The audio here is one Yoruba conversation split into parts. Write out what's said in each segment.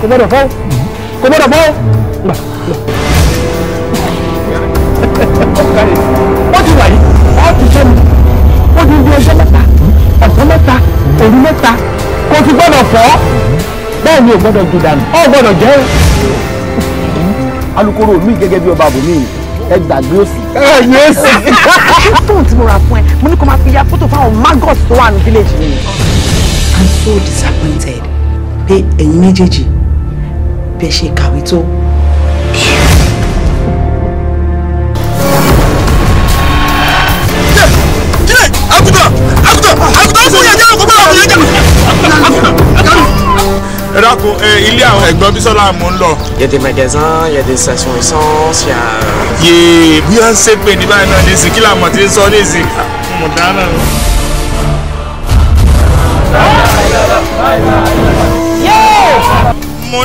como gbọ́dọ̀ fọ́ kò gbọ́dọ̀ fọ́ gbà ó ti wà yìí ó ti sẹ́nu ó ti di ọjọ́ mẹ́ta ọ̀sán mẹ́ta òru mẹ́ta kò ti gbọ́dọ̀ fọ́ bẹ́ẹ̀ ni O gbọ́dọ̀ ju dànù ó gbọ́dọ̀ jẹ́ alukoro mi gẹ́gẹ́ bí ọba àbòmí ẹ gbàgbé òsì. ẹ yẹ èsì. tí mo ra fún ẹ mo ní kó máa fi ya fótò fáwọn maggots tó wà ní village yìí. I'm so disappointed pé ẹ̀yin méjèèjì bẹ́ẹ̀ ṣe kàwé tó. ẹ dákun ilé àwọn ẹ̀gbọ́n Bísọ́lá mò ń lọ. il y a des magasins il y a des stations essence il y a. yéé bí wọ́n ń ṣépè ní báyìí náà ní ìsìn kí làmọ̀ tí sọ ní ìsìn. mo dáná.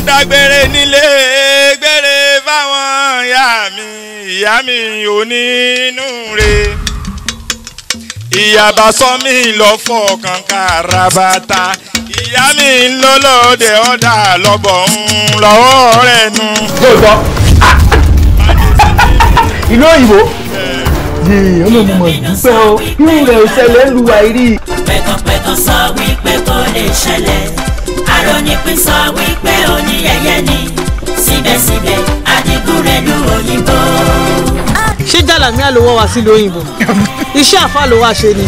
dágbére nílé gbére fáwọn ìyá mi ìyá mi onínú re ìyàbá sọ mi lọ fọkàn kárabata ìyá mi lọlọdẹ ọdà lọbọ ń lọ́wọ́ rẹ nu. lóòótọ́ ìlú òyìnbó yìí ọlọ́run mọ̀ dúpẹ́ o kí n rẹ̀ ṣẹlẹ̀ ń lu àìrí. pẹ̀tọ̀pẹ̀tọ̀ sọ wípé kò lè ṣẹlẹ̀ arónípín sọ wípé oníyẹyẹ ni síbẹ̀síbẹ̀ adigunrẹ́dù òyìnbó. ṣé jàlámíà ló wa sílùú òyìnbó iṣẹ́ àfa ló ṣe ni.